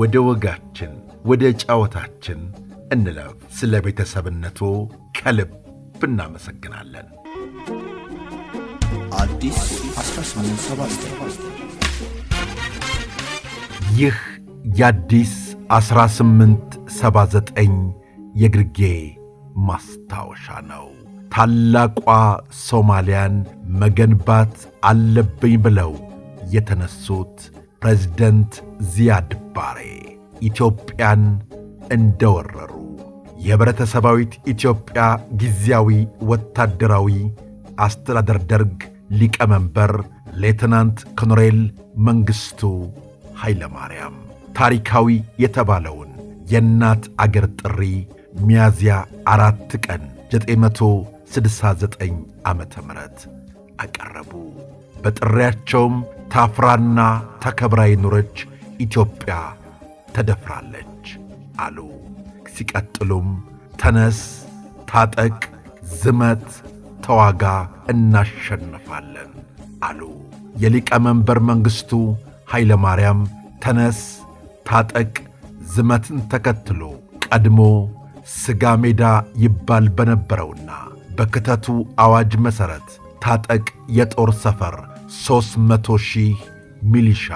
ወደ ወጋችን ወደ ጫወታችን እንለፍ። ስለ ቤተሰብነቱ ከልብ እናመሰግናለን። ይህ የአዲስ 1879 የግርጌ ማስታወሻ ነው። ታላቋ ሶማሊያን መገንባት አለብኝ ብለው የተነሱት ፕሬዝደንት ዚያድ ባሬ ኢትዮጵያን እንደወረሩ የህብረተሰባዊት ኢትዮጵያ ጊዜያዊ ወታደራዊ አስተዳደር ደርግ ሊቀመንበር ሌትናንት ኮሎኔል መንግሥቱ ኃይለማርያም ታሪካዊ የተባለውን የእናት አገር ጥሪ ሚያዝያ አራት ቀን 969 ዓ ም አቀረቡ። በጥሪያቸውም ታፍራና ተከብራ የኖረች ኢትዮጵያ ተደፍራለች አሉ። ሲቀጥሉም ተነስ፣ ታጠቅ፣ ዝመት፣ ተዋጋ፣ እናሸንፋለን አሉ። የሊቀመንበር መንግሥቱ ኃይለ ማርያም ተነስ፣ ታጠቅ፣ ዝመትን ተከትሎ ቀድሞ ሥጋ ሜዳ ይባል በነበረውና በክተቱ አዋጅ መሠረት ታጠቅ የጦር ሰፈር 300 ሺህ ሚሊሻ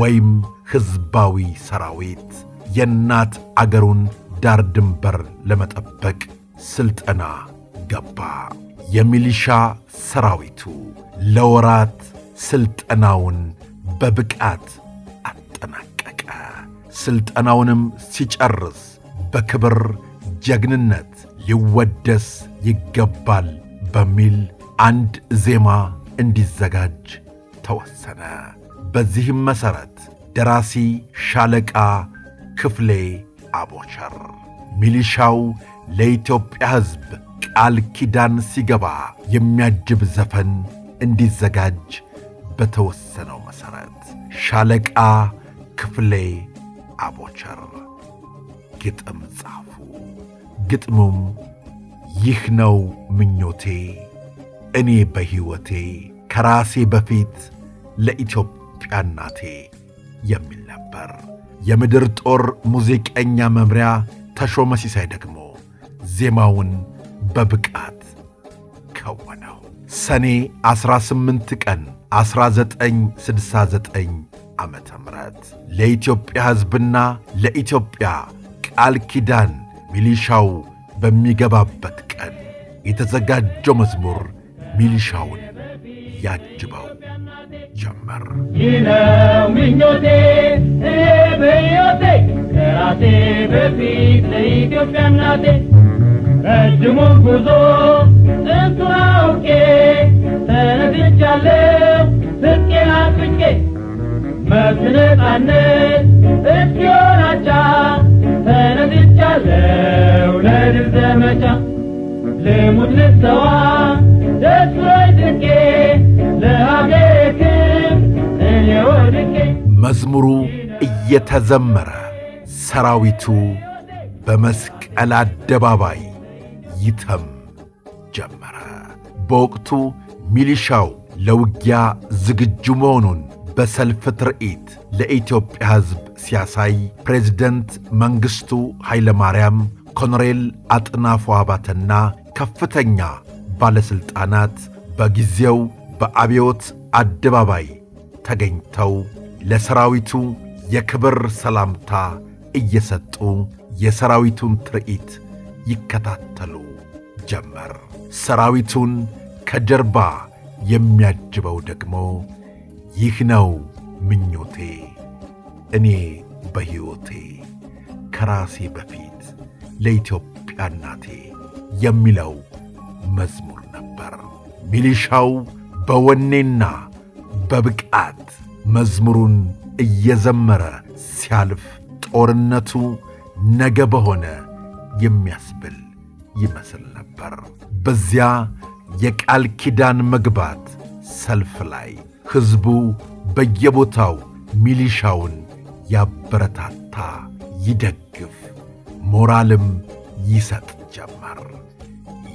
ወይም ሕዝባዊ ሰራዊት የእናት አገሩን ዳር ድንበር ለመጠበቅ ሥልጠና ገባ። የሚሊሻ ሰራዊቱ ለወራት ሥልጠናውን በብቃት አጠናቀቀ። ሥልጠናውንም ሲጨርስ በክብር ጀግንነት ሊወደስ ይገባል በሚል አንድ ዜማ እንዲዘጋጅ ተወሰነ። በዚህም መሠረት ደራሲ ሻለቃ ክፍሌ አቦቸር ሚሊሻው ለኢትዮጵያ ሕዝብ ቃል ኪዳን ሲገባ የሚያጅብ ዘፈን እንዲዘጋጅ በተወሰነው መሠረት ሻለቃ ክፍሌ አቦቸር ግጥም ጻፉ። ግጥሙም ይህ ነው ምኞቴ እኔ በሕይወቴ ከራሴ በፊት ለኢትዮጵያ እናቴ የሚል ነበር። የምድር ጦር ሙዚቀኛ መምሪያ ተሾመ ሲሳይ ደግሞ ዜማውን በብቃት ከወነው። ሰኔ 18 ቀን 1969 ዓ ም ለኢትዮጵያ ሕዝብና ለኢትዮጵያ ቃል ኪዳን ሚሊሻው በሚገባበት ቀን የተዘጋጀው መዝሙር ሚሊሻውን ያጅበው ጀመር። ይነው ነው ምኞቴ በዮቴ ከራሴ በፊት ለኢትዮጵያ እናቴ ረጅሙን ጉዞ ጥንቱን አውቄ ተነግቻለሁ ስቄን አጥብቄ መብት እስኪሆናቻ ተነግቻለሁ ለድል ዘመቻ ልሙት ልሰዋ መዝሙሩ እየተዘመረ ሰራዊቱ በመስቀል አደባባይ ይተም ጀመረ። በወቅቱ ሚሊሻው ለውጊያ ዝግጁ መሆኑን በሰልፍ ትርኢት ለኢትዮጵያ ሕዝብ ሲያሳይ ፕሬዝደንት መንግሥቱ ኃይለማርያም፣ ኮሎኔል አጥናፉ አባተና ከፍተኛ ባለሥልጣናት በጊዜው በአብዮት አደባባይ ተገኝተው ለሰራዊቱ የክብር ሰላምታ እየሰጡ የሰራዊቱን ትርኢት ይከታተሉ ጀመር። ሰራዊቱን ከጀርባ የሚያጅበው ደግሞ ይህ ነው ምኞቴ፣ እኔ በሕይወቴ ከራሴ በፊት ለኢትዮጵያ እናቴ የሚለው መዝሙር ነበር። ሚሊሻው በወኔና በብቃት መዝሙሩን እየዘመረ ሲያልፍ ጦርነቱ ነገ በሆነ የሚያስብል ይመስል ነበር። በዚያ የቃል ኪዳን መግባት ሰልፍ ላይ ሕዝቡ በየቦታው ሚሊሻውን ያበረታታ፣ ይደግፍ፣ ሞራልም ይሰጥ ጀመር።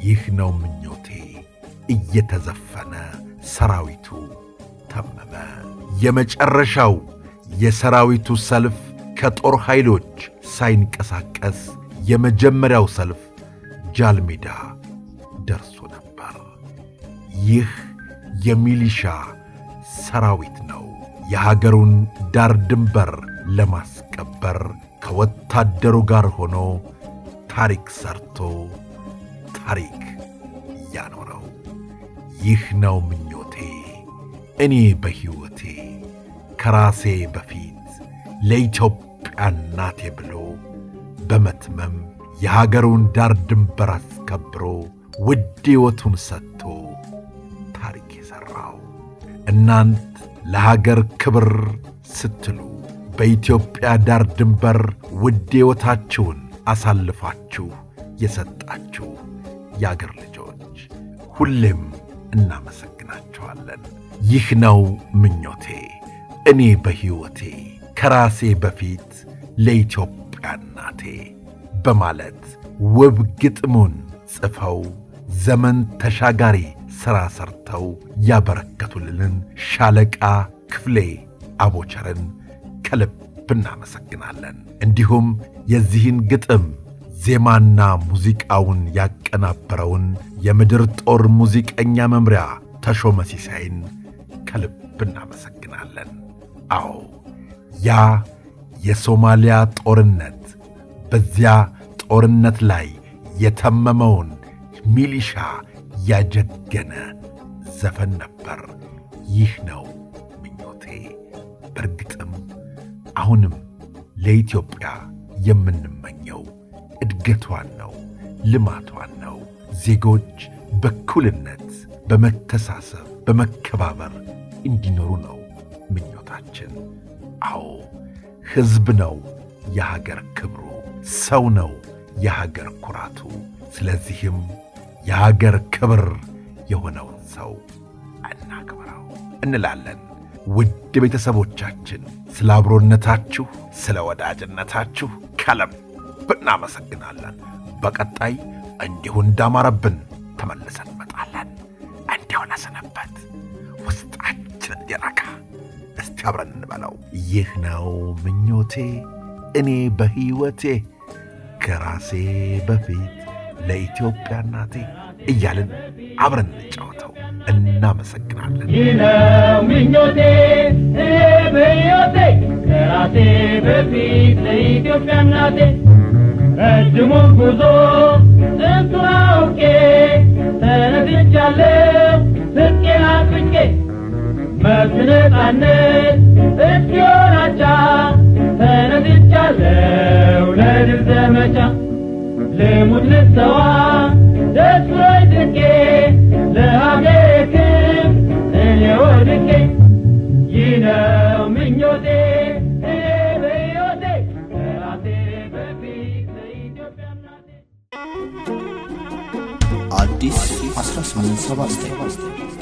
ይህ ነው ምኞቴ እየተዘፈነ ሰራዊቱ ተመ የመጨረሻው የሰራዊቱ ሰልፍ ከጦር ኃይሎች ሳይንቀሳቀስ የመጀመሪያው ሰልፍ ጃልሜዳ ደርሶ ነበር። ይህ የሚሊሻ ሰራዊት ነው የሀገሩን ዳር ድንበር ለማስከበር ከወታደሩ ጋር ሆኖ ታሪክ ሰርቶ ታሪክ ያኖረው። ይህ ነው ምኞቴ እኔ በሕይወቴ ከራሴ በፊት ለኢትዮጵያ እናቴ ብሎ በመትመም የሀገሩን ዳር ድንበር አስከብሮ ውድ ሕይወቱን ሰጥቶ ታሪክ የሠራው እናንት ለሀገር ክብር ስትሉ በኢትዮጵያ ዳር ድንበር ውድ ሕይወታችሁን አሳልፋችሁ የሰጣችሁ የአገር ልጆች ሁሌም እናመሰግናችኋለን። ይህ ነው ምኞቴ። እኔ በሕይወቴ ከራሴ በፊት ለኢትዮጵያ እናቴ በማለት ውብ ግጥሙን ጽፈው ዘመን ተሻጋሪ ሥራ ሠርተው ያበረከቱልንን ሻለቃ ክፍሌ አቦቸርን ከልብ እናመሰግናለን። እንዲሁም የዚህን ግጥም ዜማና ሙዚቃውን ያቀናበረውን የምድር ጦር ሙዚቀኛ መምሪያ ተሾመ ሲሳይን ከልብ እናመሰግናለን። አዎ ያ የሶማሊያ ጦርነት በዚያ ጦርነት ላይ የተመመውን ሚሊሻ ያጀገነ ዘፈን ነበር። ይህ ነው ምኞቴ። በእርግጥም አሁንም ለኢትዮጵያ የምንመኘው እድገቷን ነው፣ ልማቷን ነው። ዜጎች በእኩልነት በመተሳሰብ፣ በመከባበር እንዲኖሩ ነው። ምኞታችን። አዎ ሕዝብ ነው የሀገር ክብሩ፣ ሰው ነው የሀገር ኩራቱ። ስለዚህም የሀገር ክብር የሆነውን ሰው እናክብረው እንላለን። ውድ ቤተሰቦቻችን ስለ አብሮነታችሁ፣ ስለ ወዳጅነታችሁ ከልብ እናመሰግናለን። በቀጣይ እንዲሁ እንዳማረብን ተመልሰን እንመጣለን። እንዲሁ ለሰነበት ውስጣችንን የራካ እስቲ አብረን እንበለው። ይህ ነው ምኞቴ እኔ በሕይወቴ ከራሴ በፊት ለኢትዮጵያ እናቴ እያልን አብረን እንጫወተው። እናመሰግናለን። ይህ ነው ምኞቴ እኔ በሕይወቴ ከራሴ በፊት ለኢትዮጵያ እናቴ ረጅሙን ጉዞ ስንቱን አውቄ ተነግቻለሁ ሳንስ እስኪሆናቻ ተነስቻለው ለድል ዘመቻ ልሙድ ልሰዋ ደስ ብሎኝ ድቄ ለሀገሬ ክብር እኔ ወድቄ ይህ ነው ምኞቴ አዲስ 1879